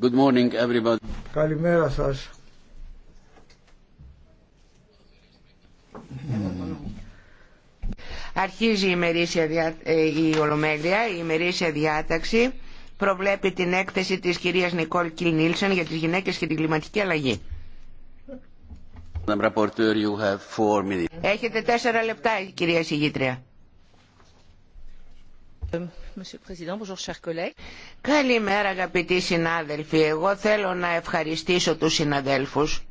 Good morning everybody. Καλημέρα σας. Αρχίζει η, μερίσια ε, η Ολομέλεια, η ημερήσια διάταξη προβλέπει την έκθεση της κυρίας Νικόλ Κιλ για τις γυναίκες και την κλιματική αλλαγή. Έχετε τέσσερα λεπτά κυρία Συγήτρια. Καλημέρα αγαπητοί συνάδελφοι. Εγώ θέλω να ευχαριστήσω τους συναδέλφους